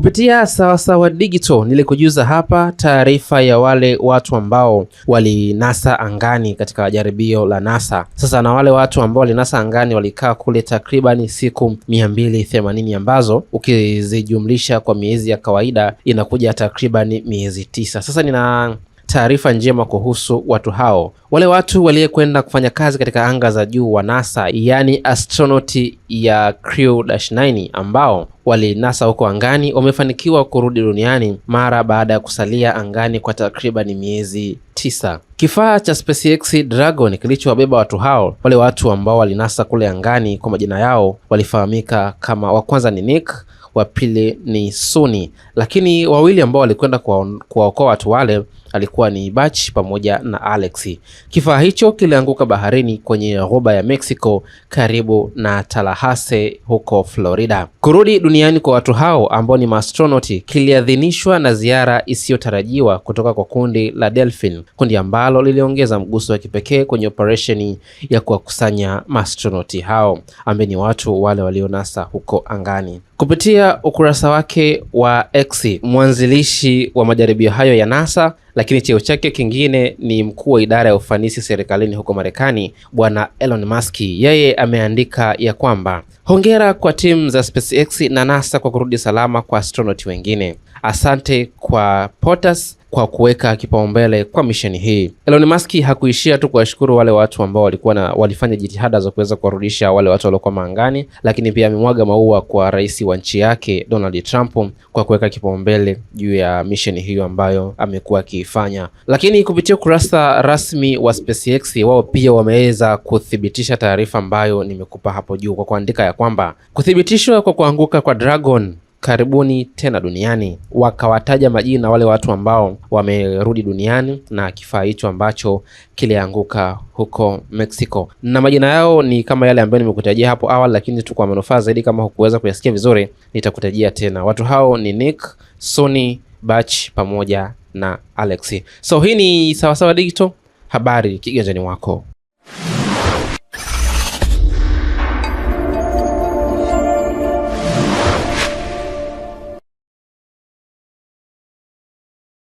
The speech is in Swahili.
Kupitia Sawasawa Digital nilikujuza hapa taarifa ya wale watu ambao walinasa angani katika jaribio la NASA. Sasa na wale watu ambao walinasa angani walikaa kule takribani siku mia themanini ambazo ukizijumlisha kwa miezi ya kawaida inakuja takribani miezi tisa. Sasa nina taarifa njema kuhusu watu hao. Wale watu waliyekwenda kufanya kazi katika anga za juu wa NASA, yaani astronauti ya Crew-9 ambao walinasa huko angani wamefanikiwa kurudi duniani mara baada ya kusalia angani kwa takriban miezi tisa. Kifaa cha SpaceX Dragon kilichowabeba watu hao, wale watu ambao walinasa kule angani, kwa majina yao walifahamika kama, wa kwanza ni Nick, wa pili ni Suni, lakini wawili ambao walikwenda kuwaokoa watu wale alikuwa ni Bach pamoja na Alex. Kifaa hicho kilianguka baharini kwenye ghuba ya Mexico karibu na Tallahassee huko Florida. Kurudi duniani kwa watu hao ambao ni maastronauti kiliadhinishwa na ziara isiyotarajiwa kutoka kwa kundi la Delphin, kundi ambalo liliongeza mguso wa kipekee kwenye operesheni ya kuwakusanya maastronauti hao ambaye ni watu wale walionasa huko angani. Kupitia ukurasa wake wa X, mwanzilishi wa majaribio hayo ya NASA lakini cheo chake kingine ni mkuu wa idara ya ufanisi serikalini huko Marekani, Bwana Elon Musk. Yeye ameandika ya kwamba hongera kwa timu za SpaceX na NASA kwa kurudi salama kwa astronauti wengine. Asante kwa potas kwa kuweka kipaumbele kwa misheni hii. Elon Musk hakuishia tu kuwashukuru wale watu ambao walikuwa na walifanya jitihada za kuweza kuwarudisha wale watu waliokuwa maangani, lakini pia amemwaga maua kwa rais wa nchi yake Donald Trump kwa kuweka kipaumbele juu ya misheni hiyo ambayo amekuwa akiifanya. Lakini kupitia ukurasa rasmi wa SpaceX, wao pia wameweza kuthibitisha taarifa ambayo nimekupa hapo juu kwa kuandika ya kwamba kuthibitishwa kwa kuanguka kwa Dragon karibuni tena duniani. Wakawataja majina wale watu ambao wamerudi duniani na kifaa hicho ambacho kilianguka huko Mexico, na majina yao ni kama yale ambayo nimekutajia hapo awali, lakini tu kwa manufaa zaidi, kama hukuweza kuyasikia vizuri, nitakutajia tena. Watu hao ni Nick, Sony, Batch pamoja na Alex. So hii ni Sawasawa Digital, habari kiganjani wako.